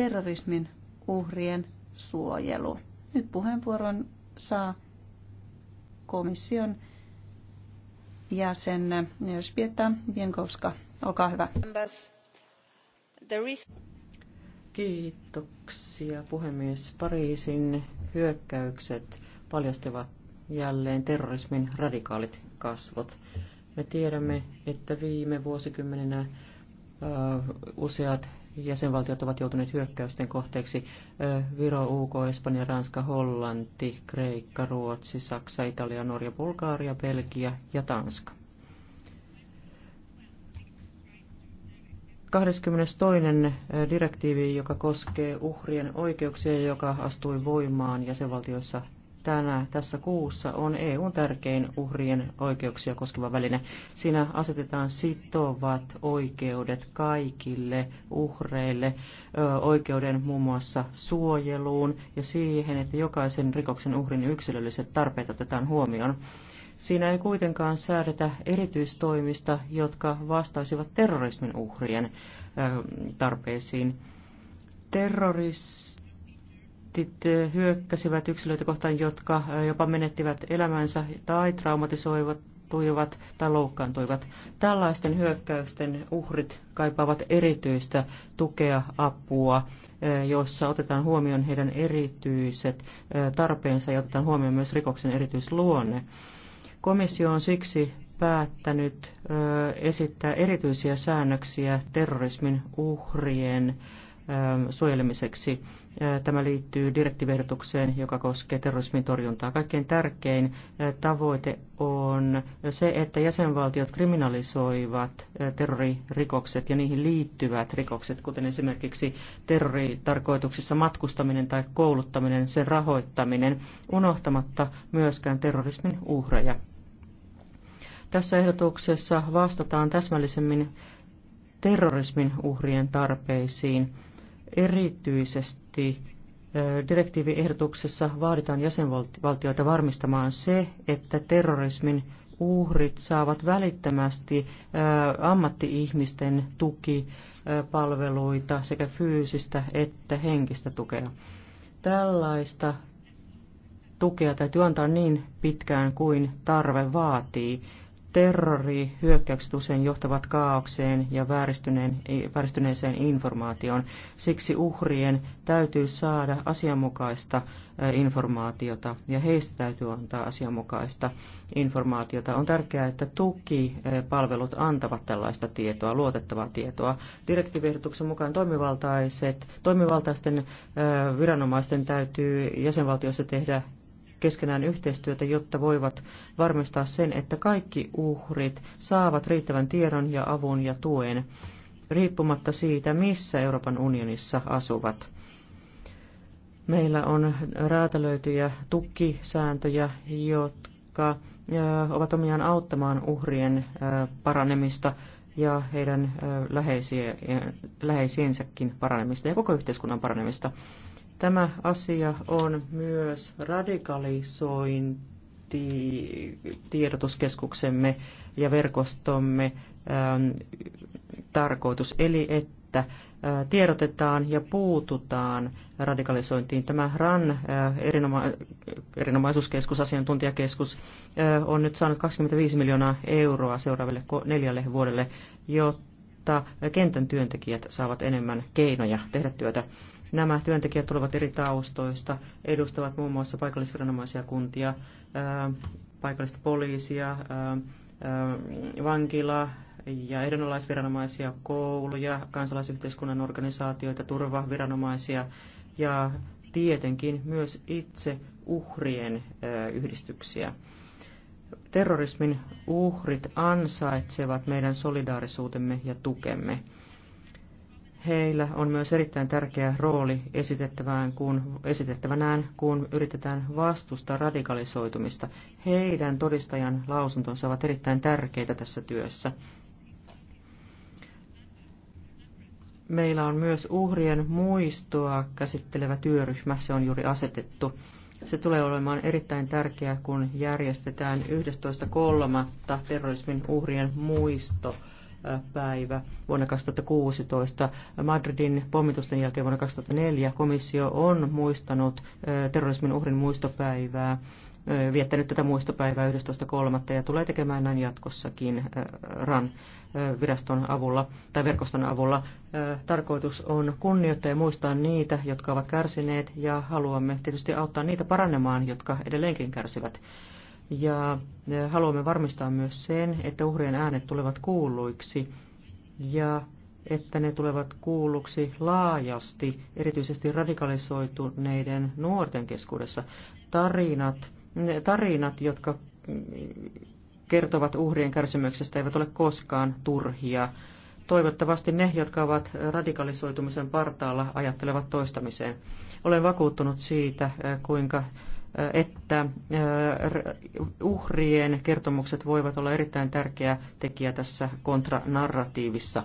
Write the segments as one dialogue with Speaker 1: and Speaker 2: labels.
Speaker 1: terrorismin uhrien suojelu. Nyt puheenvuoron saa komission jäsen Elżbieta Bienkowska.
Speaker 2: Olkaa hyvä. Kiitoksia puhemies. Pariisin hyökkäykset paljastivat jälleen terrorismin radikaalit kasvot. Me tiedämme, että viime vuosikymmeninä useat jäsenvaltiot ovat joutuneet hyökkäysten kohteeksi. Viro, UK, Espanja, Ranska, Hollanti, Kreikka, Ruotsi, Saksa, Italia, Norja, Bulgaaria, Belgia ja Tanska. 22. direktiivi, joka koskee uhrien oikeuksia, joka astui voimaan jäsenvaltioissa tänä tässä kuussa on EUn tärkein uhrien oikeuksia koskeva väline. Siinä asetetaan sitovat oikeudet kaikille uhreille, oikeuden muun muassa suojeluun ja siihen, että jokaisen rikoksen uhrin yksilölliset tarpeet otetaan huomioon. Siinä ei kuitenkaan säädetä erityistoimista, jotka vastaisivat terrorismin uhrien tarpeisiin. Terroris konfliktit eh, hyökkäsivät yksilöitä kohtaan, jotka eh, jopa menettivät elämänsä tai traumatisoivat tai loukkaantuivat. Tällaisten hyökkäysten uhrit kaipaavat erityistä tukea, apua, eh, jossa otetaan huomioon heidän erityiset tarpeensa ja otetaan huomioon myös rikoksen erityisluonne. Komissio on siksi päättänyt esittää erityisiä säännöksiä terrorismin uhrien suojelemiseksi. Tämä liittyy direktiivehdotukseen, joka koskee terrorismin torjuntaa. Kaikkein tärkein tavoite on se, että jäsenvaltiot kriminalisoivat terroririkokset ja niihin liittyvät rikokset, kuten esimerkiksi terroritarkoituksissa matkustaminen tai kouluttaminen, sen rahoittaminen, unohtamatta myöskään terrorismin uhreja. Tässä ehdotuksessa vastataan täsmällisemmin terrorismin uhrien tarpeisiin – Erityisesti direktiiviehdotuksessa vaaditaan jäsenvaltioita varmistamaan se, että terrorismin uhrit saavat välittömästi ammattiihmisten tukipalveluita sekä fyysistä että henkistä tukea. Tällaista tukea täytyy antaa niin pitkään kuin tarve vaatii Terrorihyökkäykset usein johtavat kaaukseen ja vääristyneeseen informaatioon. Siksi uhrien täytyy saada asianmukaista informaatiota ja heistä täytyy antaa asianmukaista informaatiota. On tärkeää, että tukipalvelut antavat tällaista tietoa, luotettavaa tietoa. Direktiivehdotuksen mukaan toimivaltaiset, toimivaltaisten viranomaisten täytyy jäsenvaltiossa tehdä keskenään yhteistyötä, jotta voivat varmistaa sen, että kaikki uhrit saavat riittävän tiedon ja avun ja tuen, riippumatta siitä, missä Euroopan unionissa asuvat. Meillä on räätälöityjä tukisääntöjä, jotka ovat omiaan auttamaan uhrien paranemista ja heidän läheisiensäkin paranemista ja koko yhteiskunnan paranemista. Tämä asia on myös radikalisointi tiedotuskeskuksemme ja verkostomme ähm, tarkoitus, eli että äh, tiedotetaan ja puututaan radikalisointiin. Tämä RAN äh, erinoma- erinomaisuuskeskus, asiantuntijakeskus, äh, on nyt saanut 25 miljoonaa euroa seuraaville neljälle vuodelle, jotta kentän työntekijät saavat enemmän keinoja tehdä työtä Nämä työntekijät tulevat eri taustoista, edustavat muun muassa paikallisviranomaisia kuntia, paikallista poliisia, vankilaa ja ehdonalaisviranomaisia, kouluja, kansalaisyhteiskunnan organisaatioita, turvaviranomaisia ja tietenkin myös itse uhrien yhdistyksiä. Terrorismin uhrit ansaitsevat meidän solidaarisuutemme ja tukemme. Heillä on myös erittäin tärkeä rooli esitettävään, kun, esitettävänään, kun yritetään vastustaa radikalisoitumista. Heidän todistajan lausuntonsa ovat erittäin tärkeitä tässä työssä. Meillä on myös uhrien muistoa käsittelevä työryhmä, se on juuri asetettu. Se tulee olemaan erittäin tärkeää, kun järjestetään 11.3. terrorismin uhrien muisto päivä vuonna 2016. Madridin pommitusten jälkeen vuonna 2004 komissio on muistanut terrorismin uhrin muistopäivää, viettänyt tätä muistopäivää 11.3. ja tulee tekemään näin jatkossakin RAN viraston avulla tai verkoston avulla. Tarkoitus on kunnioittaa ja muistaa niitä, jotka ovat kärsineet ja haluamme tietysti auttaa niitä paranemaan, jotka edelleenkin kärsivät ja e, haluamme varmistaa myös sen, että uhrien äänet tulevat kuulluiksi ja että ne tulevat kuulluksi laajasti, erityisesti radikalisoituneiden nuorten keskuudessa. Tarinat, tarinat jotka kertovat uhrien kärsimyksestä, eivät ole koskaan turhia. Toivottavasti ne, jotka ovat radikalisoitumisen partaalla, ajattelevat toistamiseen. Olen vakuuttunut siitä, e, kuinka että äh, uhrien kertomukset voivat olla erittäin tärkeä tekijä tässä kontranarratiivissa.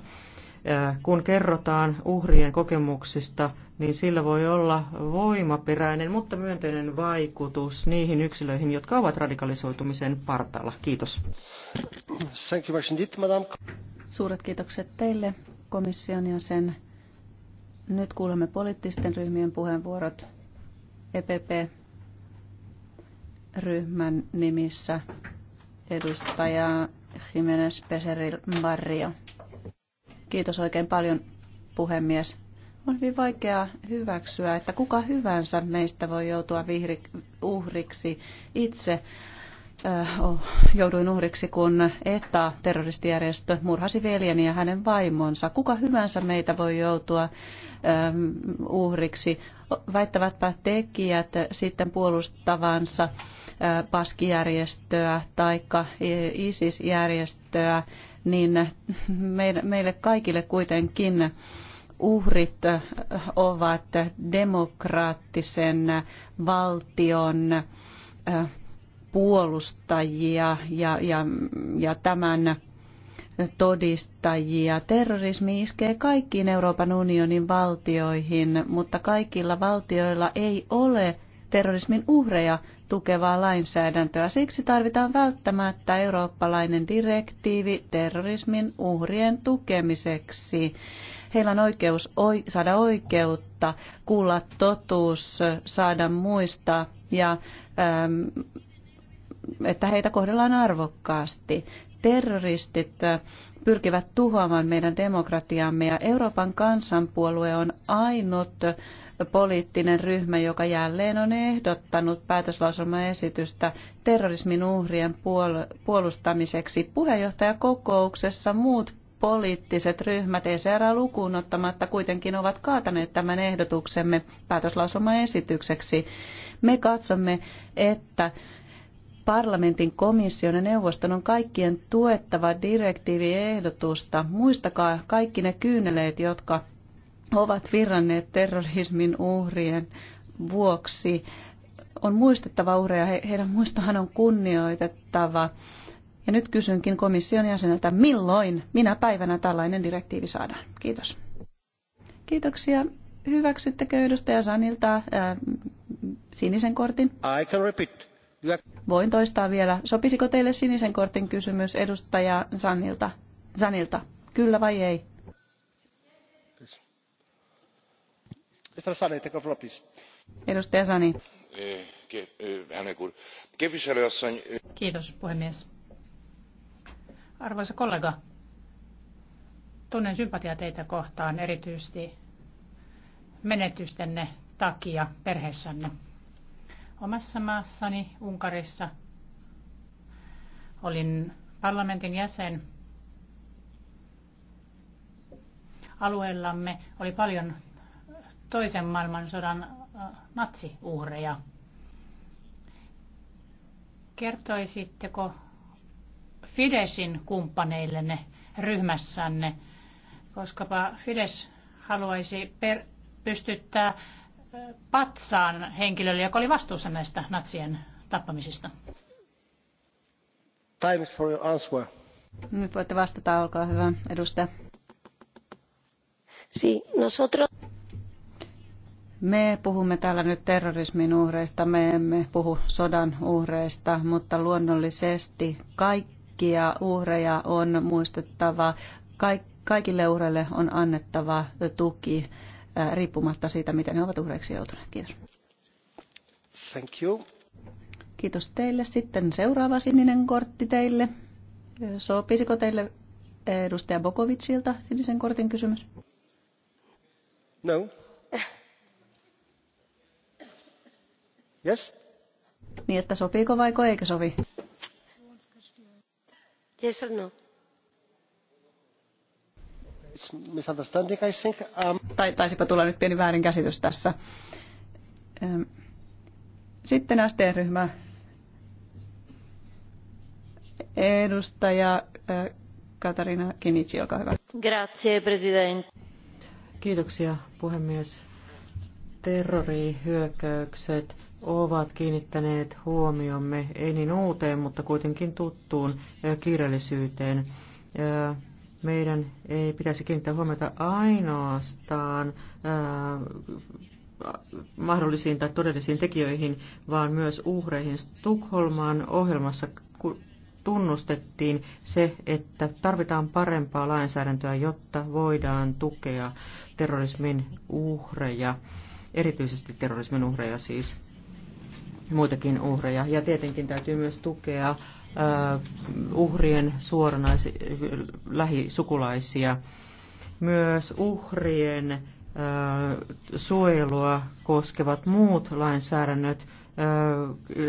Speaker 2: Äh, kun kerrotaan uhrien kokemuksista, niin sillä voi olla voimaperäinen, mutta myönteinen vaikutus niihin yksilöihin, jotka ovat radikalisoitumisen partaalla. Kiitos. Thank you madam.
Speaker 1: Suuret kiitokset teille komission ja sen. Nyt kuulemme poliittisten ryhmien puheenvuorot. EPP ryhmän nimissä edustaja Jimenez Peseril Barrio. Kiitos oikein paljon, puhemies. On hyvin vaikea hyväksyä, että kuka hyvänsä meistä voi joutua vihri, uhriksi itse. Oh, jouduin uhriksi, kun ETA, terroristijärjestö, murhasi veljeni ja hänen vaimonsa. Kuka hyvänsä meitä voi joutua ähm, uhriksi? Väittävätpä tekijät sitten puolustavansa paskijärjestöä tai ISIS-järjestöä, niin meille kaikille kuitenkin uhrit ovat demokraattisen valtion puolustajia ja, ja, ja tämän todistajia. Terrorismi iskee kaikkiin Euroopan unionin valtioihin, mutta kaikilla valtioilla ei ole terrorismin uhreja tukevaa lainsäädäntöä. Siksi tarvitaan välttämättä eurooppalainen direktiivi terrorismin uhrien tukemiseksi. Heillä on oikeus saada oikeutta, kuulla totuus, saada muista ja että heitä kohdellaan arvokkaasti. Terroristit äh, pyrkivät tuhoamaan meidän demokratiamme ja Euroopan kansanpuolue on ainut poliittinen ryhmä, joka jälleen on ehdottanut päätöslauselmaesitystä terrorismin uhrien puol- puolustamiseksi. Puheenjohtajakokouksessa muut poliittiset ryhmät ECR lukuun ottamatta kuitenkin ovat kaataneet tämän ehdotuksemme päätöslauselmaesitykseksi. Me katsomme, että parlamentin komission ja neuvoston on kaikkien tuettava direktiiviehdotusta. Muistakaa kaikki ne kyyneleet, jotka ovat virranneet terrorismin uhrien vuoksi. On muistettava uhreja, heidän muistohan on kunnioitettava. Ja nyt kysynkin komission jäseneltä, milloin, minä päivänä tällainen direktiivi saadaan. Kiitos. Kiitoksia. Hyväksyttekö edustaja Sanilta ää, äh, sinisen kortin? I can repeat. Voin toistaa vielä. Sopisiko teille sinisen kortin kysymys edustaja Sanilta? Sanilta. Kyllä vai ei?
Speaker 3: arvoisa arvoisa kollega tunnen sympatiaa teitä kohtaan erityisesti menetystenne takia perheessänne. Omassa maassani Unkarissa olin parlamentin jäsen. Alueellamme oli paljon toisen maailmansodan äh, natsiuhreja. Kertoisitteko Fidesin kumppaneillenne ryhmässänne, koskapa Fides haluaisi per, pystyttää äh, patsaan henkilölle, joka oli vastuussa näistä natsien tappamisista? is for your answer. Nyt
Speaker 1: voitte vastata, olkaa hyvä, edustaja. Sí, nosotros me puhumme täällä nyt terrorismin uhreista, me emme puhu sodan uhreista, mutta luonnollisesti kaikkia uhreja on muistettava. Kaikille uhreille on annettava tuki äh, riippumatta siitä, miten he ovat uhreiksi joutuneet. Kiitos. Thank you. Kiitos teille. Sitten seuraava sininen kortti teille. Sopisiko teille edustaja Bokovicilta sinisen kortin kysymys?
Speaker 2: No. Yes?
Speaker 1: Niin, että sopiiko vai eikö sovi? Yes or no? misunderstanding, I think. Um... Tai, taisipa tulla nyt pieni väärinkäsitys tässä. Sitten ST-ryhmä. Edustaja Katarina Kinitsi, olkaa hyvä.
Speaker 2: Grazie, president. Kiitoksia, puhemies. Terrorihyökkäykset ovat kiinnittäneet huomiomme, ei niin uuteen, mutta kuitenkin tuttuun kirjallisyyteen. Meidän ei pitäisi kiinnittää huomiota ainoastaan mahdollisiin tai todellisiin tekijöihin, vaan myös uhreihin. Tukholman ohjelmassa tunnustettiin se, että tarvitaan parempaa lainsäädäntöä, jotta voidaan tukea terrorismin uhreja, erityisesti terrorismin uhreja siis muitakin uhreja. Ja tietenkin täytyy myös tukea uhrien suoranaisi, lähisukulaisia. Myös uhrien suojelua koskevat muut lainsäädännöt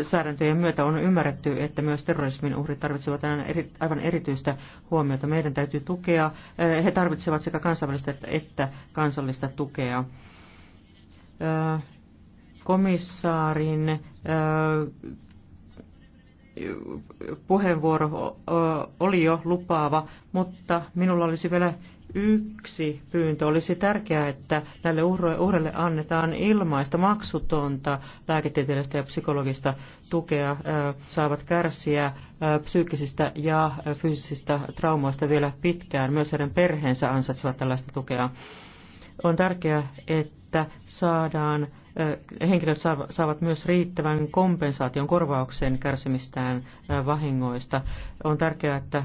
Speaker 2: säädäntöjen myötä on ymmärretty, että myös terrorismin uhrit tarvitsevat aivan erityistä huomiota. Meidän täytyy tukea. He tarvitsevat sekä kansainvälistä että kansallista tukea komissaarin puheenvuoro oli jo lupaava, mutta minulla olisi vielä yksi pyyntö. Olisi tärkeää, että näille uhreille annetaan ilmaista, maksutonta lääketieteellistä ja psykologista tukea. Saavat kärsiä psyykkisistä ja fyysisistä traumoista vielä pitkään. Myös heidän perheensä ansaitsevat tällaista tukea. On tärkeää, että saadaan henkilöt saavat myös riittävän kompensaation korvauksen kärsimistään vahingoista. On tärkeää, että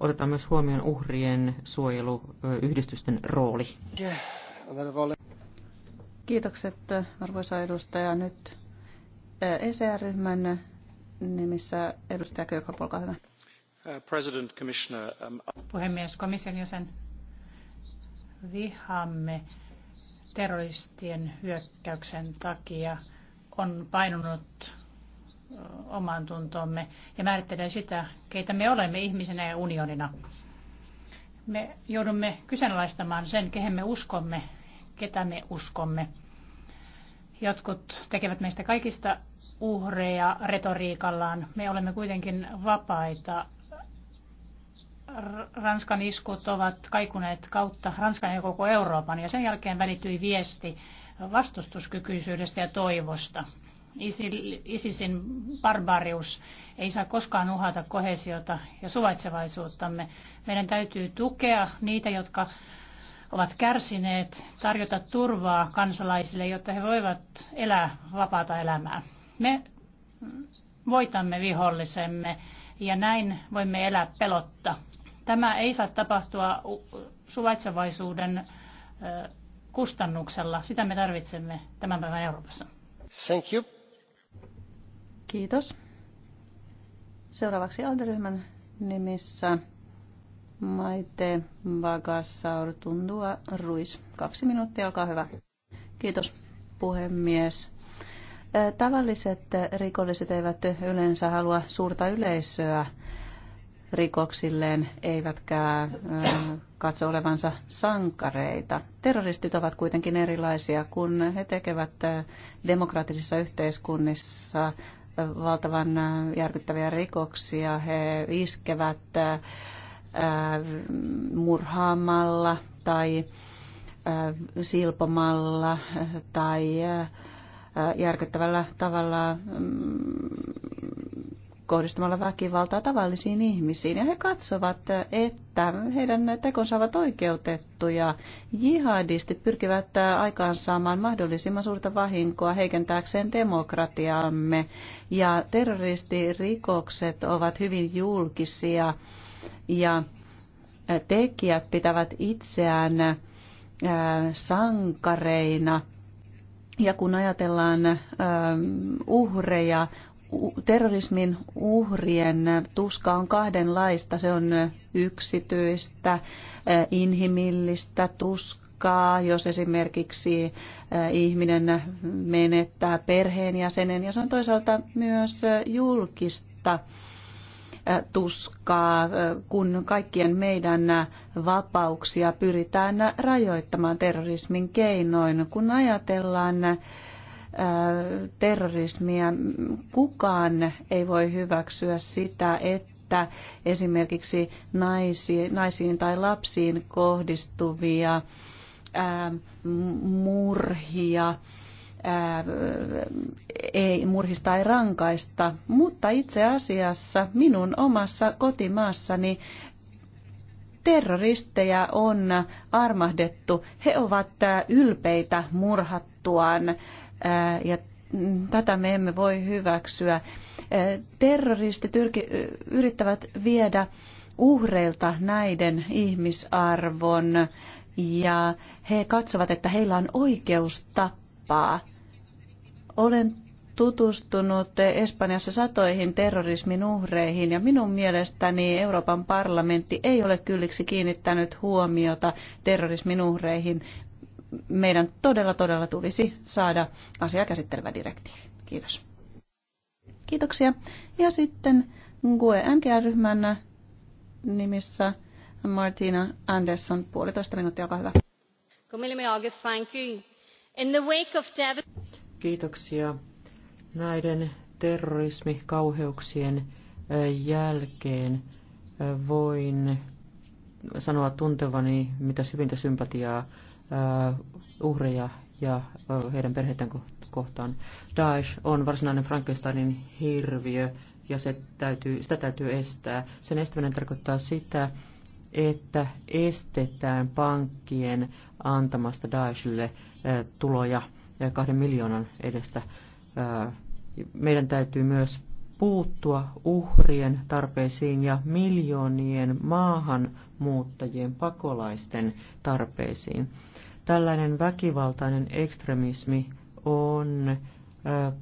Speaker 2: otetaan myös huomioon uhrien suojeluyhdistysten rooli.
Speaker 1: Kiitokset arvoisa edustaja. Nyt ECR-ryhmän
Speaker 3: nimissä edustaja Köykkä, olkaa hyvä. President, Commissioner, um... Puhemies, komission jäsen, vihamme terroristien hyökkäyksen takia on painunut omaan tuntoomme ja määrittelee sitä, keitä me olemme ihmisenä ja unionina. Me joudumme kyseenalaistamaan sen, kehen me uskomme, ketä me uskomme. Jotkut tekevät meistä kaikista uhreja retoriikallaan. Me olemme kuitenkin vapaita Ranskan iskut ovat kaikuneet kautta Ranskan ja koko Euroopan ja sen jälkeen välittyi viesti vastustuskykyisyydestä ja toivosta. ISISin barbarius ei saa koskaan uhata kohesiota ja suvaitsevaisuuttamme. Meidän täytyy tukea niitä, jotka ovat kärsineet, tarjota turvaa kansalaisille, jotta he voivat elää vapaata elämää. Me voitamme vihollisemme ja näin voimme elää pelotta. Tämä ei saa tapahtua suvaitsevaisuuden kustannuksella. Sitä me tarvitsemme tämän päivän Euroopassa. Thank you. Kiitos.
Speaker 1: Seuraavaksi alderyhmän nimissä Maite Vagasaur Tundua Ruis. Kaksi minuuttia, olkaa hyvä. Kiitos puhemies. Tavalliset rikolliset eivät yleensä halua suurta yleisöä rikoksilleen eivätkä katso olevansa sankareita. Terroristit ovat kuitenkin erilaisia, kun he tekevät demokraattisissa yhteiskunnissa valtavan järkyttäviä rikoksia. He iskevät murhaamalla tai silpomalla tai järkyttävällä tavalla mm, kohdistamalla väkivaltaa tavallisiin ihmisiin. Ja he katsovat, että heidän tekonsa ovat oikeutettuja. Jihadistit pyrkivät aikaansaamaan mahdollisimman suurta vahinkoa heikentääkseen demokratiamme Ja terroristirikokset ovat hyvin julkisia ja tekijät pitävät itseään sankareina. Ja kun ajatellaan uhreja, terrorismin uhrien tuska on kahdenlaista. Se on yksityistä, eh, inhimillistä tuskaa, jos esimerkiksi eh, ihminen menettää perheenjäsenen, ja se on toisaalta myös eh, julkista tuskaa, kun kaikkien meidän vapauksia pyritään rajoittamaan terrorismin keinoin. Kun ajatellaan terrorismia. Kukaan ei voi hyväksyä sitä, että esimerkiksi naisiin, naisiin tai lapsiin kohdistuvia murhia ei, murhista ei rankaista, mutta itse asiassa minun omassa kotimaassani terroristeja on armahdettu. He ovat ylpeitä murhattuaan ja tätä me emme voi hyväksyä. Terroristit yrittävät viedä uhreilta näiden ihmisarvon ja he katsovat, että heillä on oikeus tappaa. Olen tutustunut Espanjassa satoihin terrorismin uhreihin ja minun mielestäni Euroopan parlamentti ei ole kylliksi kiinnittänyt huomiota terrorismin uhreihin meidän todella todella tulisi saada asiaa käsittelevä direktiivi. Kiitos. Kiitoksia. Ja sitten GUE NGR-ryhmän nimissä Martina Andersson, puolitoista minuuttia, olkaa hyvä.
Speaker 2: Kiitoksia. Näiden terrorismikauheuksien jälkeen voin sanoa tuntevani mitä syvintä sympatiaa uhreja ja heidän perheiden kohtaan. Daesh on varsinainen Frankensteinin hirviö ja se täytyy, sitä täytyy estää. Sen estäminen tarkoittaa sitä, että estetään pankkien antamasta Daeshille tuloja kahden miljoonan edestä. Meidän täytyy myös puuttua uhrien tarpeisiin ja miljoonien maahanmuuttajien pakolaisten tarpeisiin. Tällainen väkivaltainen ekstremismi on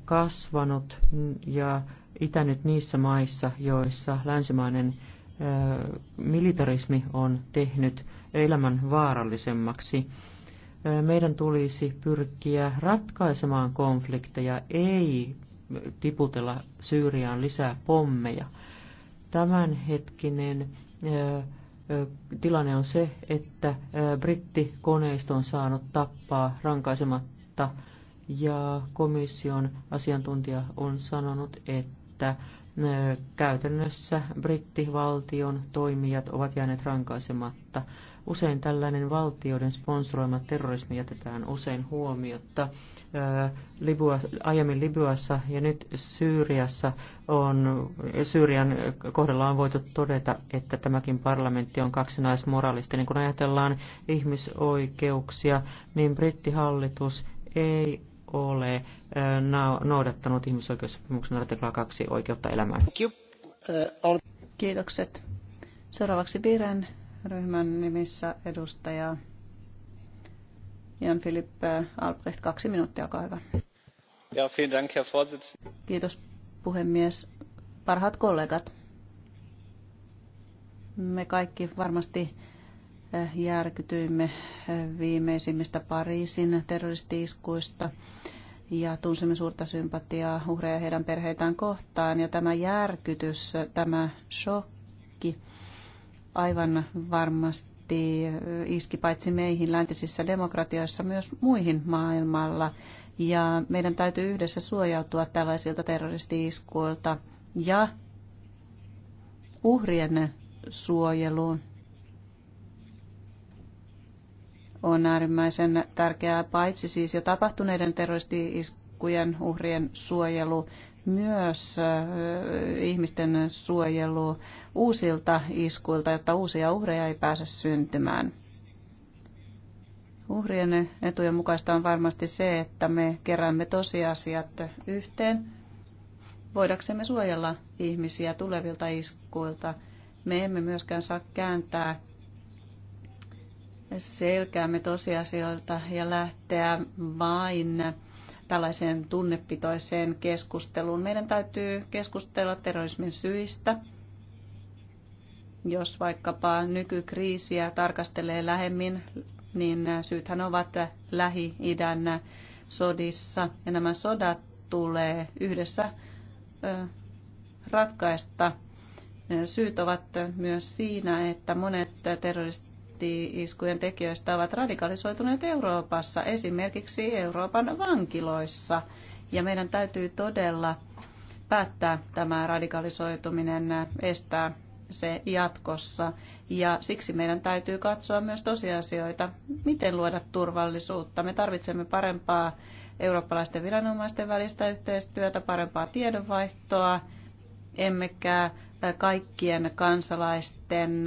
Speaker 2: kasvanut ja itänyt niissä maissa, joissa länsimainen militarismi on tehnyt elämän vaarallisemmaksi. Meidän tulisi pyrkiä ratkaisemaan konflikteja, ei tiputella Syyriaan lisää pommeja. Tämänhetkinen tilanne on se, että brittikoneisto on saanut tappaa rankaisematta ja komission asiantuntija on sanonut, että käytännössä brittivaltion toimijat ovat jääneet rankaisematta. Usein tällainen valtioiden sponsoroima terrorismi jätetään usein huomiotta. Libya, aiemmin Libyassa ja nyt Syyriassa on, Syyrian kohdalla on voitu todeta, että tämäkin parlamentti on kaksinaismoralisti. Niin kun ajatellaan ihmisoikeuksia, niin brittihallitus ei ole noudattanut ihmisoikeussopimuksen artiklaa 2 oikeutta elämään.
Speaker 1: Kiitokset. Seuraavaksi Biren ryhmän nimissä edustaja Jan Philippe Albrecht. Kaksi minuuttia, olkaa hyvä. Ja, dank, Herr Kiitos puhemies. Parhaat kollegat, me kaikki varmasti eh, järkytyimme eh, viimeisimmistä Pariisin terroristiiskuista ja tunsimme suurta sympatiaa uhreja heidän perheitään kohtaan. Ja tämä järkytys, eh, tämä shokki, aivan varmasti iski paitsi meihin läntisissä demokratioissa myös muihin maailmalla. Ja meidän täytyy yhdessä suojautua tällaisilta terroristi-iskuilta ja uhrien suojeluun on äärimmäisen tärkeää paitsi siis jo tapahtuneiden terroristi-iskujen uhrien suojelu, myös ihmisten suojelu uusilta iskuilta, jotta uusia uhreja ei pääse syntymään. Uhrien etujen mukaista on varmasti se, että me keräämme tosiasiat yhteen, voidaksemme suojella ihmisiä tulevilta iskuilta. Me emme myöskään saa kääntää selkäämme tosiasioilta ja lähteä vain tällaiseen tunnepitoiseen keskusteluun. Meidän täytyy keskustella terrorismin syistä. Jos vaikkapa nykykriisiä tarkastelee lähemmin, niin syythän ovat Lähi-idän sodissa. Ja nämä sodat tulee yhdessä ratkaista. Syyt ovat myös siinä, että monet terroristit terroristi-iskujen tekijöistä ovat radikalisoituneet Euroopassa, esimerkiksi Euroopan vankiloissa. Ja meidän täytyy todella päättää tämä radikalisoituminen, estää se jatkossa. Ja siksi meidän täytyy katsoa myös tosiasioita, miten luoda turvallisuutta. Me tarvitsemme parempaa eurooppalaisten viranomaisten välistä yhteistyötä, parempaa tiedonvaihtoa, emmekä kaikkien kansalaisten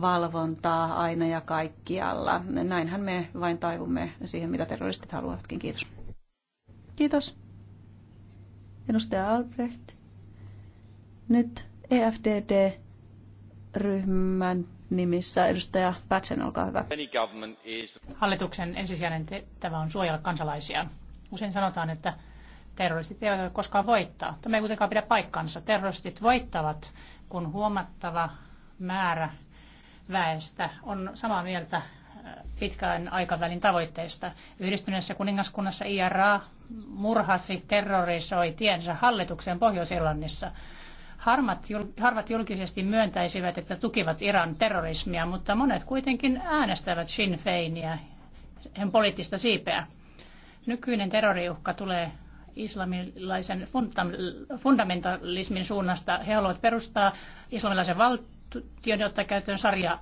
Speaker 1: valvontaa aina ja kaikkialla. Näinhän me vain taivumme siihen, mitä terroristit haluavatkin. Kiitos. Kiitos. Edustaja Albrecht. Nyt EFDD-ryhmän nimissä edustaja
Speaker 3: Pätsen, olkaa hyvä. Hallituksen ensisijainen tehtävä on suojella kansalaisia. Usein sanotaan, että terroristit eivät ole koskaan voittaa. Tämä ei kuitenkaan pidä paikkansa. Terroristit voittavat, kun huomattava määrä väestä on samaa mieltä äh, pitkän aikavälin tavoitteista. Yhdistyneessä kuningaskunnassa IRA murhasi, terrorisoi tiensä hallituksen Pohjois-Irlannissa. harvat julkisesti myöntäisivät, että tukivat Iran terrorismia, mutta monet kuitenkin äänestävät Sinn Feiniä, hän poliittista siipeä. Nykyinen terroriuhka tulee islamilaisen fundamentalismin suunnasta. He haluavat perustaa islamilaisen valtion valtioiden ottaa käyttöön sarja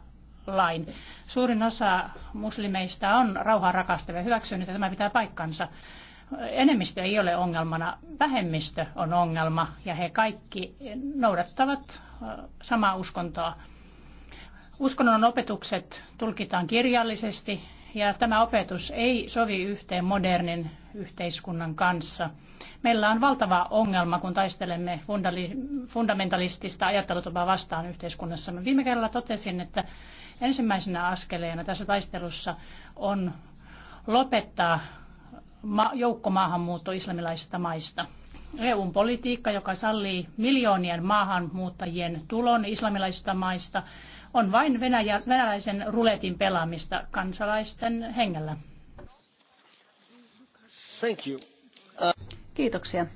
Speaker 3: lain. Suurin osa muslimeista on rauhaa ja hyväksynyt, että tämä pitää paikkansa. Enemmistö ei ole ongelmana, vähemmistö on ongelma ja he kaikki noudattavat samaa uskontoa. Uskonnon opetukset tulkitaan kirjallisesti ja tämä opetus ei sovi yhteen modernin yhteiskunnan kanssa – Meillä on valtava ongelma, kun taistelemme fundamentalistista ajattelutapaa vastaan yhteiskunnassa. Mä viime kerralla totesin, että ensimmäisenä askeleena tässä taistelussa on lopettaa joukkomaahanmuutto islamilaisista maista. EUn politiikka, joka sallii miljoonien maahanmuuttajien tulon islamilaisista maista, on vain Venäjä, venäläisen ruletin pelaamista kansalaisten hengellä.
Speaker 1: Thank you. Uh... Kiitoksia.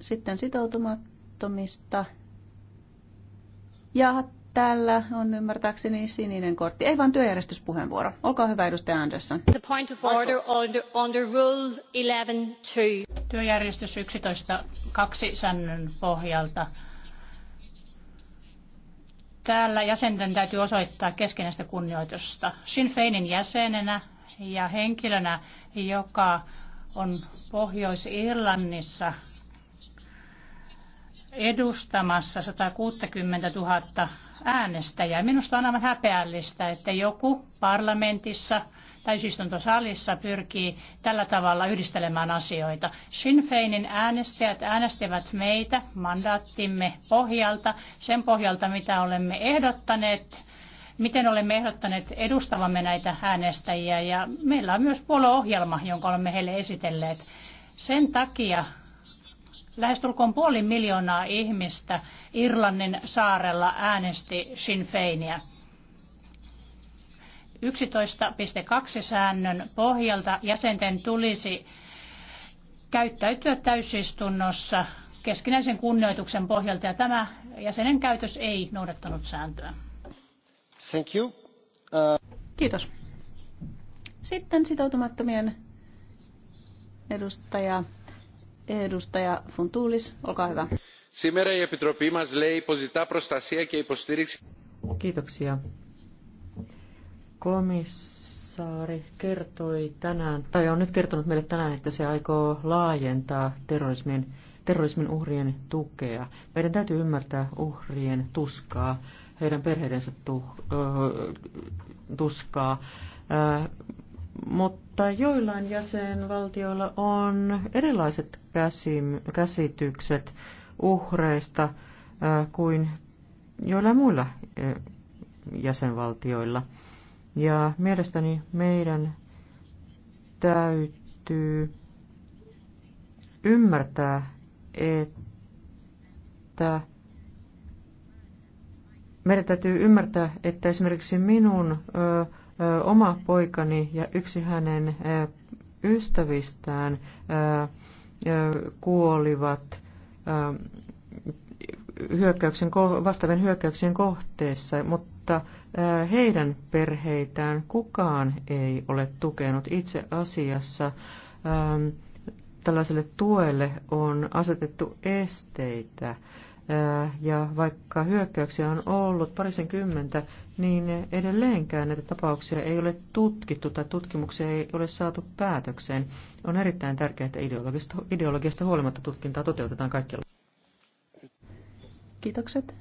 Speaker 1: Sitten sitoutumattomista. Ja täällä on ymmärtääkseni sininen kortti. Ei vaan työjärjestyspuheenvuoro. Olkaa hyvä, edustaja Andersson.
Speaker 3: The point of order on the, on the rule 11.2. Työjärjestys 11.2 säännön pohjalta. Täällä jäsenten täytyy osoittaa keskinäistä kunnioitusta. Sinn Feinin jäsenenä ja henkilönä, joka on Pohjois-Irlannissa edustamassa 160 000 äänestäjää. Minusta on aivan häpeällistä, että joku parlamentissa tai täysistuntosalissa pyrkii tällä tavalla yhdistelemään asioita. Sinn Feinin äänestäjät äänestivät meitä mandaattimme pohjalta, sen pohjalta mitä olemme ehdottaneet miten olemme ehdottaneet edustavamme näitä äänestäjiä. Ja meillä on myös puolueohjelma, jonka olemme heille esitelleet. Sen takia lähestulkoon puoli miljoonaa ihmistä Irlannin saarella äänesti Sinn Feiniä. 11.2 säännön pohjalta jäsenten tulisi käyttäytyä täysistunnossa keskinäisen kunnioituksen pohjalta ja tämä jäsenen käytös ei noudattanut sääntöä.
Speaker 2: Thank you. Uh... Kiitos.
Speaker 1: Sitten sitoutumattomien edustaja, edustaja Funtulis, olkaa hyvä. Σήμερα η Επιτροπή μας λέει πως ζητά προστασία και υποστήριξη.
Speaker 2: Kiitoksia. Komissaari kertoi tänään, tai on nyt kertonut meille tänään, että se aikoo laajentaa terrorismin, terrorismin uhrien tukea. Meidän täytyy ymmärtää uhrien tuskaa heidän perheidensä öö, tuskaa. Öö, mutta joillain jäsenvaltioilla on erilaiset käsitykset uhreista öö, kuin joillain muilla jäsenvaltioilla. Ja mielestäni meidän täytyy ymmärtää, että meidän täytyy ymmärtää, että esimerkiksi minun ö, ö, oma poikani ja yksi hänen ö, ystävistään ö, ö, kuolivat ö, hyökkäyksen, vastaavien hyökkäyksien kohteessa, mutta ö, heidän perheitään kukaan ei ole tukenut. Itse asiassa ö, tällaiselle tuelle on asetettu esteitä. Ö, ja vaikka hyökkäyksiä on ollut parisen kymmentä, niin edelleenkään näitä tapauksia ei ole tutkittu tai tutkimuksia ei ole saatu päätökseen. On erittäin tärkeää, että ideologista, ideologiasta huolimatta tutkintaa toteutetaan kaikkialla. Kiitokset.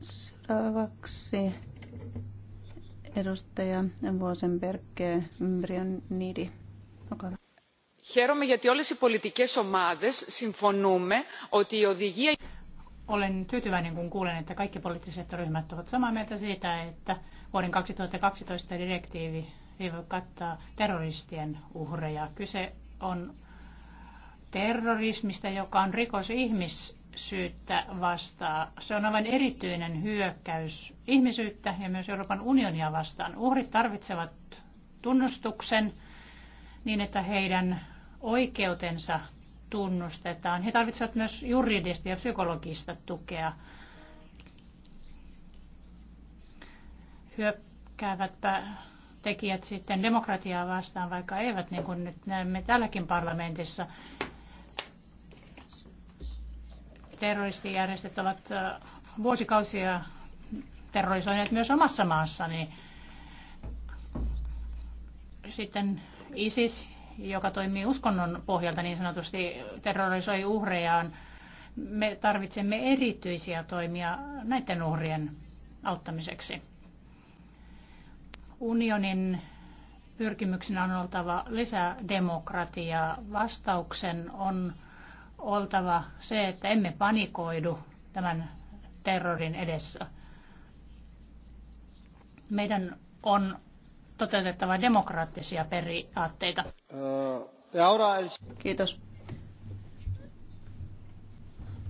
Speaker 1: Seuraavaksi edustaja Vuosenberg
Speaker 3: Brion Niidi. Olkaa hyvä.
Speaker 2: Χαίρομαι γιατί όλες οι πολιτικές ομάδες συμφωνούμε ότι η οδηγία...
Speaker 3: Olen tyytyväinen, kun kuulen, että kaikki poliittiset ryhmät ovat samaa mieltä siitä, että vuoden 2012 direktiivi ei voi kattaa terroristien uhreja. Kyse on terrorismista, joka on rikos ihmissyyttä vastaan. Se on aivan erityinen hyökkäys ihmisyyttä ja myös Euroopan unionia vastaan. Uhrit tarvitsevat tunnustuksen niin, että heidän oikeutensa tunnustetaan. He tarvitsevat myös juridista ja psykologista tukea. Hyökkäävätpä tekijät sitten demokratiaa vastaan, vaikka eivät, niin kuin nyt näemme tälläkin parlamentissa. Terroristijärjestöt ovat vuosikausia terrorisoineet myös omassa maassani. Sitten ISIS joka toimii uskonnon pohjalta niin sanotusti, terrorisoi uhrejaan. Me tarvitsemme erityisiä toimia näiden uhrien auttamiseksi. Unionin pyrkimyksenä on oltava lisää demokratiaa. Vastauksen on oltava se, että emme panikoidu tämän terrorin edessä. Meidän on toteutettava demokraattisia periaatteita. Kiitos.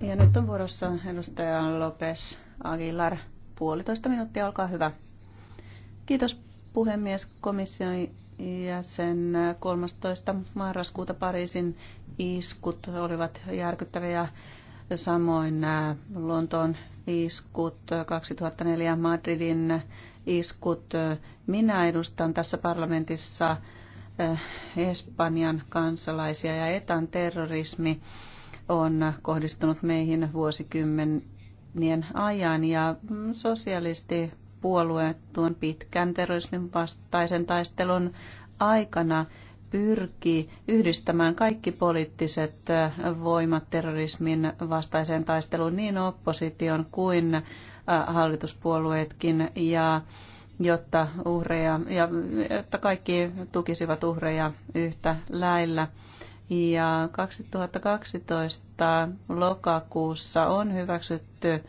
Speaker 1: Ja nyt on vuorossa edustaja Lopes Aguilar. Puolitoista minuuttia, olkaa hyvä. Kiitos puhemies komission jäsen 13. marraskuuta Pariisin iskut olivat järkyttäviä. Samoin äh, Lontoon iskut 2004 Madridin iskut. Minä edustan tässä parlamentissa eh, Espanjan kansalaisia ja etan terrorismi on kohdistunut meihin vuosikymmenien ajan ja mm, sosialisti puolue tuon pitkän terrorismin vastaisen taistelun aikana pyrki yhdistämään kaikki poliittiset eh, voimat terrorismin vastaiseen taisteluun niin opposition kuin hallituspuolueetkin ja jotta uhreja ja että kaikki tukisivat uhreja yhtä lailla. Ja 2012 lokakuussa on hyväksytty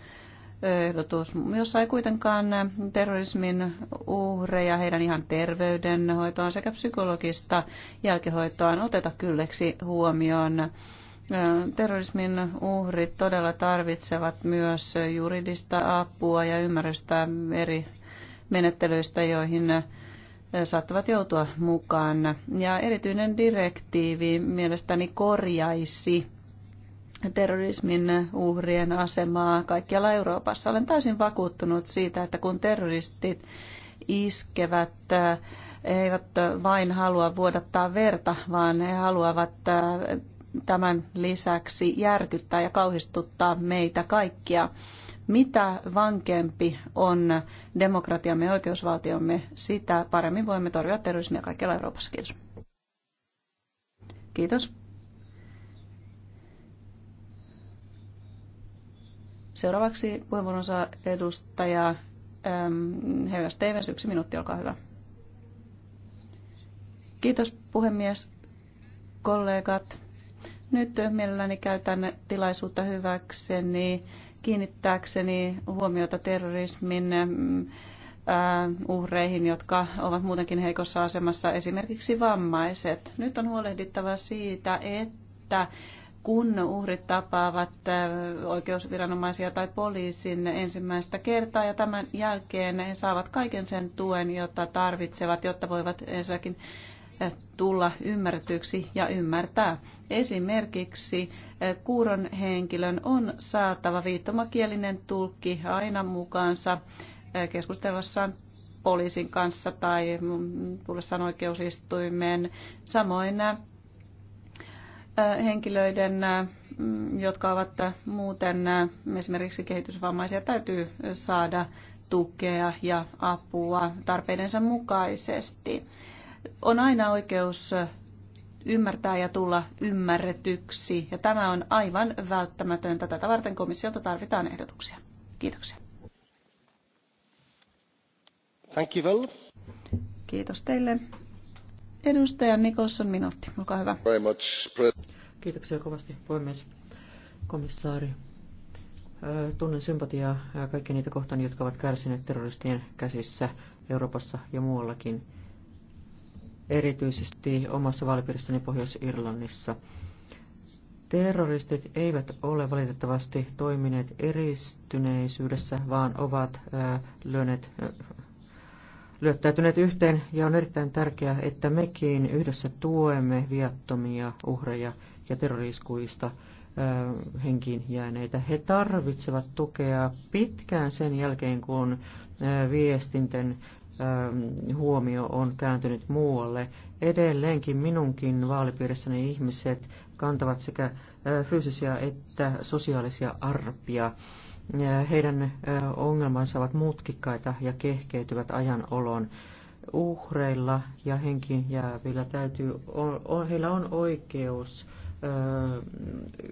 Speaker 1: ehdotus, jossa ei kuitenkaan terrorismin uhreja, heidän ihan terveydenhoitoaan sekä psykologista jälkihoitoaan oteta kylleksi huomioon. Terrorismin uhrit todella tarvitsevat myös juridista apua ja ymmärrystä eri menettelyistä, joihin saattavat joutua mukaan. Ja erityinen direktiivi mielestäni korjaisi terrorismin uhrien asemaa kaikkialla Euroopassa. Olen täysin vakuuttunut siitä, että kun terroristit iskevät, he eivät vain halua vuodattaa verta, vaan he haluavat tämän lisäksi järkyttää ja kauhistuttaa meitä kaikkia. Mitä vankempi on demokratiamme ja oikeusvaltiomme, sitä paremmin voimme torjua terrorismia kaikkialla Euroopassa. Kiitos. Kiitos. Seuraavaksi puheenvuoron saa edustaja ähm, Helga Stevens, yksi minuutti, olkaa hyvä. Kiitos puhemies, kollegat. Nyt mielelläni käytän tilaisuutta hyväkseni kiinnittääkseni huomiota terrorismin uhreihin, jotka ovat muutenkin heikossa asemassa, esimerkiksi vammaiset. Nyt on huolehdittava siitä, että kun uhrit tapaavat oikeusviranomaisia tai poliisin ensimmäistä kertaa ja tämän jälkeen he saavat kaiken sen tuen, jota tarvitsevat, jotta voivat ensinnäkin tulla ymmärretyksi ja ymmärtää. Esimerkiksi eh, kuuron henkilön on saatava viittomakielinen tulkki aina mukaansa eh, keskustelussaan poliisin kanssa tai mm, tullessaan oikeusistuimeen. Samoin eh, henkilöiden, mm, jotka ovat muuten esimerkiksi kehitysvammaisia, täytyy saada tukea ja apua tarpeidensa mukaisesti on aina oikeus ymmärtää ja tulla ymmärretyksi. Ja tämä on aivan välttämätöntä. Tätä varten komissiolta tarvitaan ehdotuksia. Kiitoksia. Thank you well. Kiitos teille.
Speaker 2: Edustaja Nikolson minuutti, olkaa hyvä.
Speaker 1: Very much.
Speaker 2: Kiitoksia kovasti, puhemies. Komissaari, tunnen sympatiaa kaikkia niitä kohtaan, jotka ovat kärsineet terroristien käsissä Euroopassa ja muuallakin erityisesti omassa vaalipiirissäni Pohjois-Irlannissa. Terroristit eivät ole valitettavasti toimineet eristyneisyydessä, vaan ovat lyöneet, lyöttäytyneet yhteen, ja on erittäin tärkeää, että mekin yhdessä tuemme viattomia uhreja ja terroriskuista henkiin jääneitä. He tarvitsevat tukea pitkään sen jälkeen, kun viestinten Ähm, huomio on kääntynyt muualle. Edelleenkin minunkin vaalipiirissäni ihmiset kantavat sekä äh, fyysisiä että sosiaalisia arpia. Äh, heidän äh, ongelmansa ovat mutkikkaita ja kehkeytyvät ajan olon. Uhreilla ja henkiin jäävillä täytyy, on, heillä on oikeus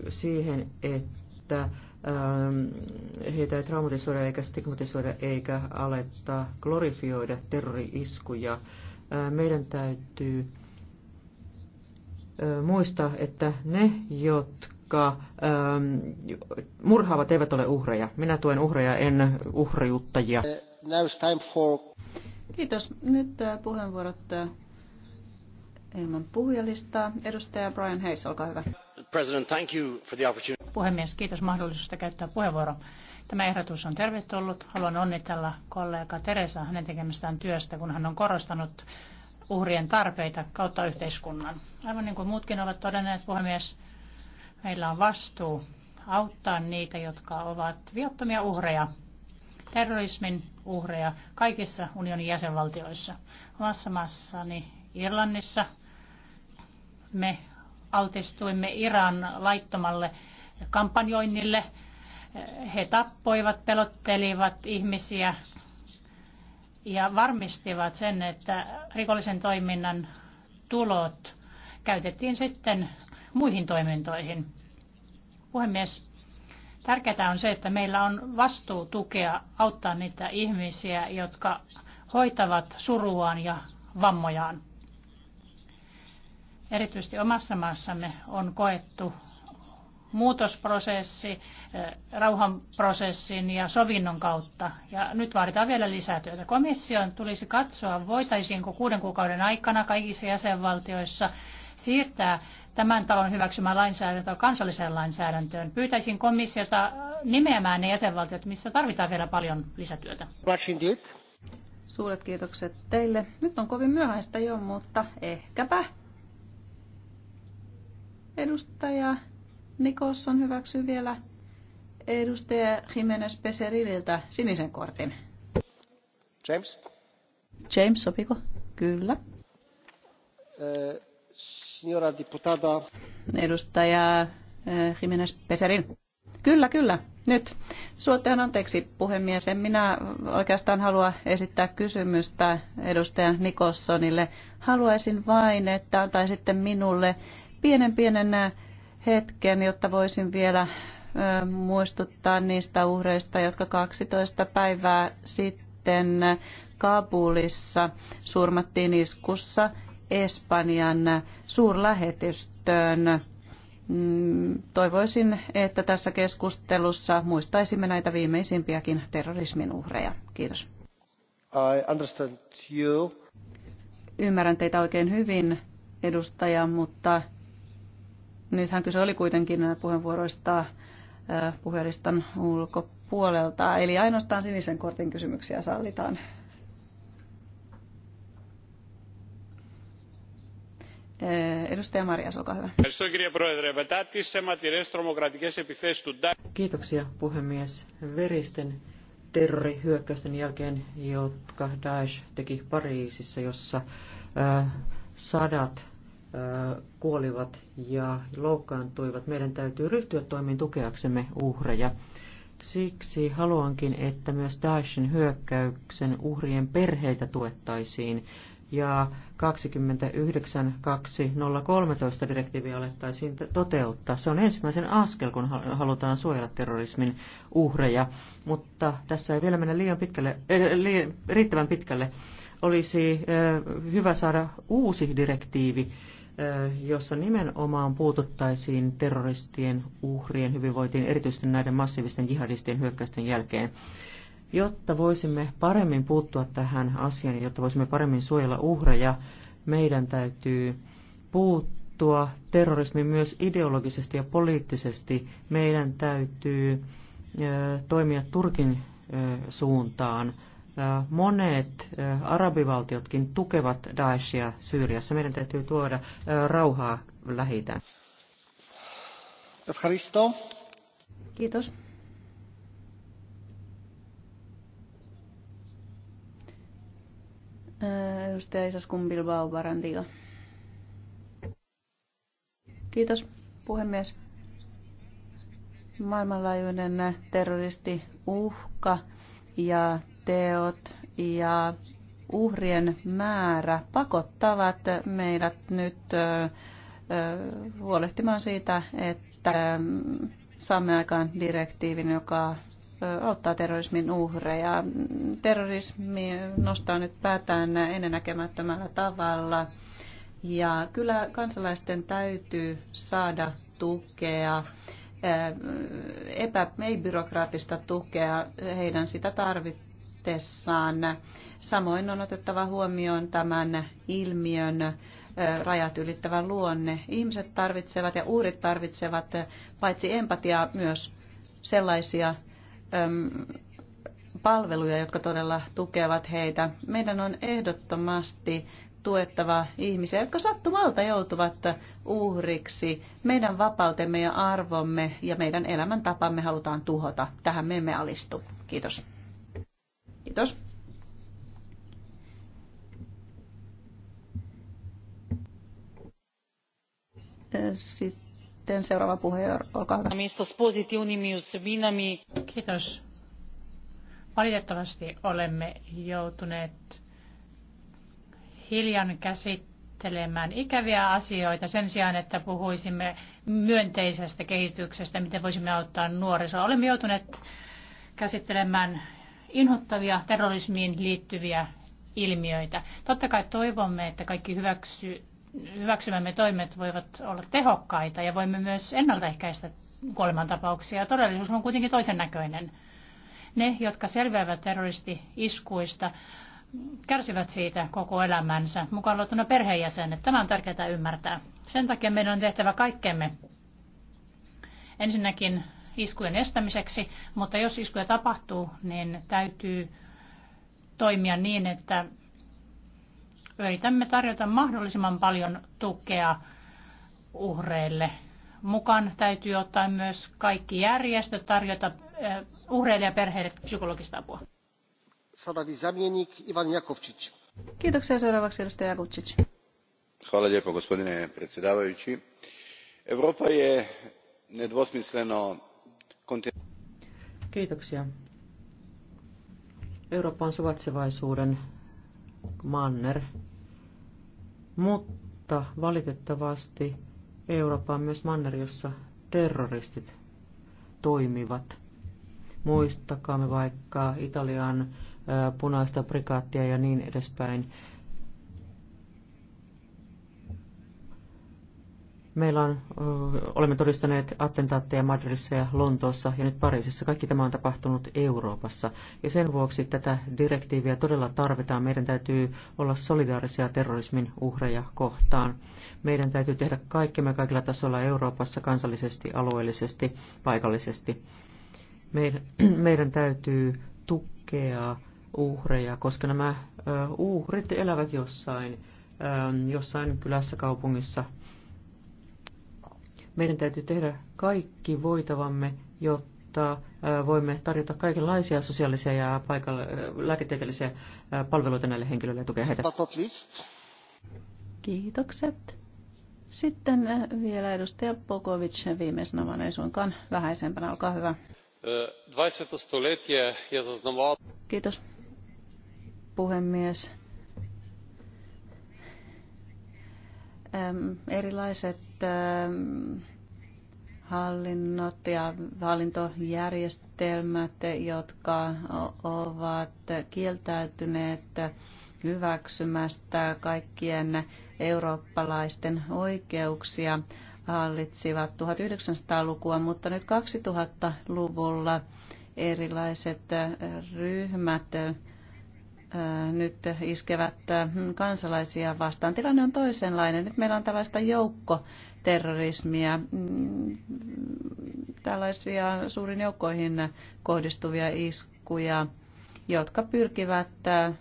Speaker 2: siihen, että Ähm, heitä ei traumatisoida eikä stigmatisoida eikä aleta glorifioida terrori-iskuja. Äh, meidän täytyy äh, muistaa, että ne, jotka ähm, murhaavat, eivät ole uhreja. Minä tuen uhreja, en uhriuttajia.
Speaker 1: Kiitos. Nyt äh, puheenvuorot
Speaker 3: ilman puhujalistaa. Edustaja Brian Hayes, olkaa hyvä. Puhemies, kiitos mahdollisuudesta käyttää puheenvuoro. Tämä ehdotus on tervetullut. Haluan onnitella kollega Teresa hänen tekemästään työstä, kun hän on korostanut uhrien tarpeita kautta yhteiskunnan. Aivan niin kuin muutkin ovat todenneet, puhemies, meillä on vastuu auttaa niitä, jotka ovat viattomia uhreja, terrorismin uhreja kaikissa unionin jäsenvaltioissa. Omassa maassani Irlannissa me altistuimme Iran laittomalle kampanjoinnille. He tappoivat, pelottelivat ihmisiä ja varmistivat sen, että rikollisen toiminnan tulot käytettiin sitten muihin toimintoihin. Puhemies, tärkeää on se, että meillä on vastuu tukea auttaa niitä ihmisiä, jotka hoitavat suruaan ja vammojaan. Erityisesti omassa maassamme on koettu muutosprosessi eh, rauhanprosessin ja sovinnon kautta. Ja nyt vaaditaan vielä lisätyötä. Komission tulisi katsoa, voitaisiinko kuuden kuukauden aikana kaikissa jäsenvaltioissa siirtää tämän talon hyväksymä lainsäädäntö kansalliseen lainsäädäntöön. Pyytäisin komissiota nimeämään ne jäsenvaltiot, missä tarvitaan vielä paljon lisätyötä.
Speaker 1: Suuret kiitokset teille. Nyt on kovin myöhäistä jo, mutta ehkäpä Edustaja Nikosson hyväksyy vielä edustaja Jimenez Peserililtä sinisen kortin. James? James, sopiko? Kyllä.
Speaker 3: Eh, signora diputata.
Speaker 1: Edustaja eh, Jimenez Peserin. Kyllä, kyllä. Nyt. Suotteen anteeksi, puhemies. En minä oikeastaan halua esittää kysymystä edustaja Nikossonille. Haluaisin vain, että antaisitte minulle pienen pienen äh, hetken, jotta voisin vielä muistuttaa niistä uhreista, jotka 12 päivää sitten Kabulissa surmattiin iskussa Espanjan suurlähetystöön. Mm, toivoisin, että tässä keskustelussa muistaisimme näitä viimeisimpiäkin terrorismin uhreja. Kiitos. I understand you. Ymmärrän teitä oikein hyvin, edustaja, mutta Nythän kyse oli kuitenkin äh, puheenvuoroista äh, puhelistan ulkopuolelta, eli ainoastaan sinisen kortin kysymyksiä sallitaan.
Speaker 2: Äh, edustaja Marias, olkaa hyvä. Kiitoksia puhemies. Veristen terrorihyökkäysten jälkeen, jotka Daesh teki Pariisissa, jossa sadat kuolivat ja loukkaantuivat. Meidän täytyy ryhtyä toimiin tukeaksemme uhreja. Siksi haluankin, että myös Daeshin hyökkäyksen uhrien perheitä tuettaisiin ja 29.2013 direktiiviä alettaisiin toteuttaa. Se on ensimmäisen askel, kun halutaan suojella terrorismin uhreja, mutta tässä ei vielä mennä liian pitkälle, äh, liian, riittävän pitkälle. Olisi äh, hyvä saada uusi direktiivi, äh, jossa nimenomaan puututtaisiin terroristien uhrien hyvinvointiin, erityisesti näiden massiivisten jihadistien hyökkäysten jälkeen. Jotta voisimme paremmin puuttua tähän asiaan ja jotta voisimme paremmin suojella uhreja, meidän täytyy puuttua terrorismiin myös ideologisesti ja poliittisesti. Meidän täytyy toimia Turkin suuntaan monet arabivaltiotkin tukevat Daeshia Syyriassa. Meidän täytyy tuoda rauhaa lähitään. Kiitos.
Speaker 1: Edustaja Isaskun Bilbao Barandiga. Kiitos puhemies. Maailmanlaajuinen uhka ja teot ja uhrien määrä pakottavat meidät nyt huolehtimaan siitä, että saamme aikaan direktiivin, joka auttaa terrorismin uhreja. Terrorismi nostaa nyt päätään ennennäkemättömällä tavalla. Ja kyllä kansalaisten täytyy saada tukea, epä, ei-byrokraattista tukea, heidän sitä tarvitsee suhteessaan. Samoin on otettava huomioon tämän ilmiön rajat ylittävän luonne. Ihmiset tarvitsevat ja uurit tarvitsevat paitsi empatiaa myös sellaisia palveluja, jotka todella tukevat heitä. Meidän on ehdottomasti tuettava ihmisiä, jotka sattumalta joutuvat uhriksi. Meidän vapautemme ja arvomme ja meidän elämäntapamme halutaan tuhota. Tähän me emme alistu. Kiitos. Kiitos. Sitten seuraava puheenjohtaja, olkaa hyvä.
Speaker 3: Kiitos. Valitettavasti olemme joutuneet hiljan käsittelemään ikäviä asioita sen sijaan, että puhuisimme myönteisestä kehityksestä, miten voisimme auttaa nuorisoa. Olemme joutuneet käsittelemään inhottavia terrorismiin liittyviä ilmiöitä. Totta kai toivomme, että kaikki hyväksy, hyväksymämme toimet voivat olla tehokkaita ja voimme myös ennaltaehkäistä kuolemantapauksia. Todellisuus on kuitenkin toisen näköinen. Ne, jotka selviävät terroristi-iskuista, kärsivät siitä koko elämänsä, mukaan luottuna perheenjäsenet. Tämä on tärkeää ymmärtää. Sen takia meidän on tehtävä kaikkemme. Ensinnäkin iskujen estämiseksi, mutta jos iskuja tapahtuu, niin täytyy toimia niin, että yritämme tarjota mahdollisimman paljon tukea uhreille. Mukaan täytyy ottaa myös kaikki järjestöt tarjota eh, uhreille ja perheille psykologista apua.
Speaker 1: Kiitoksia. Seuraavaksi edustaja Jakutsic. Hvala lijepo gospodine predsjedavajući. Evropa je nedvosmisleno
Speaker 2: Kiitoksia. Euroopan suvaitsevaisuuden manner, mutta valitettavasti Eurooppa on myös manner, jossa terroristit toimivat. me vaikka Italian punaista prikaattia ja niin edespäin. Meillä on, olemme todistaneet attentaatteja Madridissa ja Lontoossa ja nyt Pariisissa. Kaikki tämä on tapahtunut Euroopassa. Ja sen vuoksi tätä direktiiviä todella tarvitaan. Meidän täytyy olla solidaarisia terrorismin uhreja kohtaan. Meidän täytyy tehdä kaikkemme kaikilla tasolla Euroopassa, kansallisesti, alueellisesti, paikallisesti. Meidän täytyy tukea uhreja, koska nämä uhrit elävät jossain, jossain kylässä, kaupungissa, meidän täytyy tehdä kaikki voitavamme, jotta voimme tarjota kaikenlaisia sosiaalisia ja paikalla, lääketieteellisiä palveluita näille henkilöille ja tukea heitä.
Speaker 1: Kiitokset. Sitten vielä edustaja Pokovic viimeisenä, vaan ei suinkaan vähäisempänä. Olkaa hyvä.
Speaker 3: 20.
Speaker 1: Kiitos, puhemies. erilaiset hallinnot ja hallintojärjestelmät, jotka ovat kieltäytyneet hyväksymästä kaikkien eurooppalaisten oikeuksia, hallitsivat 1900-lukua, mutta nyt 2000-luvulla erilaiset ryhmät Äh, nyt iskevät äh, kansalaisia vastaan. Tilanne on toisenlainen. Nyt meillä on tällaista joukkoterrorismia, mm, tällaisia suurin joukkoihin kohdistuvia iskuja, jotka pyrkivät äh,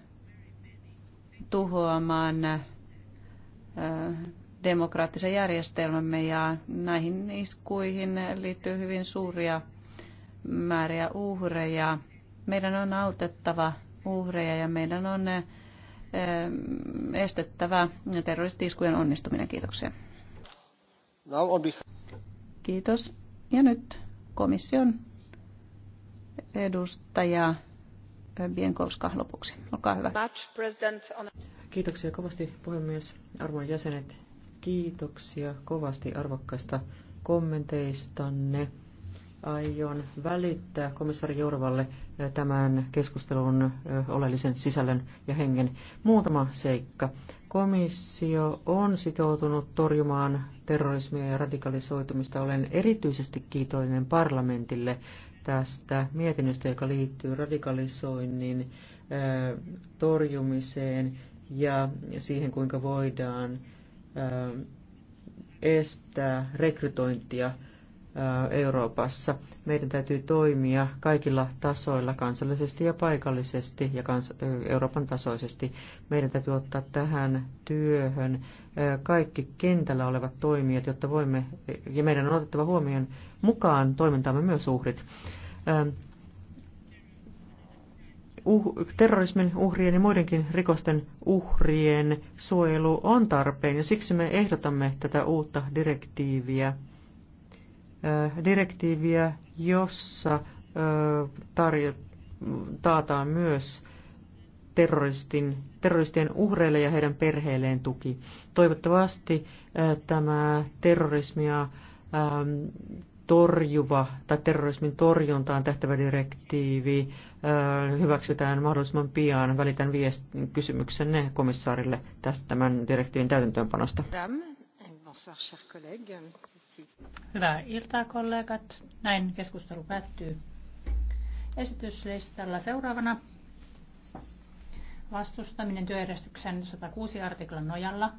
Speaker 1: tuhoamaan demokraattisen järjestelmämme ja näihin iskuihin liittyy hyvin suuria määriä uhreja. Meidän on autettava uhreja ja meidän on eh, eh, estettävä terroristiskujen onnistuminen. Kiitoksia. Kiitos. Ja nyt komission edustaja Bienkowska
Speaker 2: lopuksi. Olkaa hyvä. Kiitoksia kovasti puhemies, arvon jäsenet. Kiitoksia kovasti arvokkaista kommenteistanne aion välittää komissaari Jurvalle eh, tämän keskustelun eh, oleellisen sisällön ja hengen. Muutama seikka. Komissio on sitoutunut torjumaan terrorismia ja radikalisoitumista. Olen erityisesti kiitollinen parlamentille tästä mietinnöstä, joka liittyy radikalisoinnin eh, torjumiseen ja siihen, kuinka voidaan estää rekrytointia Euroopassa. Meidän täytyy toimia kaikilla tasoilla, kansallisesti ja paikallisesti ja kans- Euroopan tasoisesti. Meidän täytyy ottaa tähän työhön kaikki kentällä olevat toimijat, jotta voimme, ja meidän on otettava huomioon mukaan toimintaamme myös uhrit. Uh, terrorismin uhrien ja muidenkin rikosten uhrien suojelu on tarpeen ja siksi me ehdotamme tätä uutta direktiiviä direktiiviä, jossa taataan myös terroristin, terroristien uhreille ja heidän perheilleen tuki. Toivottavasti tämä terrorismia torjuva tai terrorismin torjuntaan tähtävä direktiivi hyväksytään mahdollisimman pian. Välitän viestin kysymyksenne komissaarille tästä tämän direktiivin täytäntöönpanosta. Bonsoir, chers collègues.
Speaker 3: Hyvää iltaa, kollegat. Näin keskustelu päättyy. Esityslistalla seuraavana vastustaminen työjärjestyksen 106 artiklan nojalla.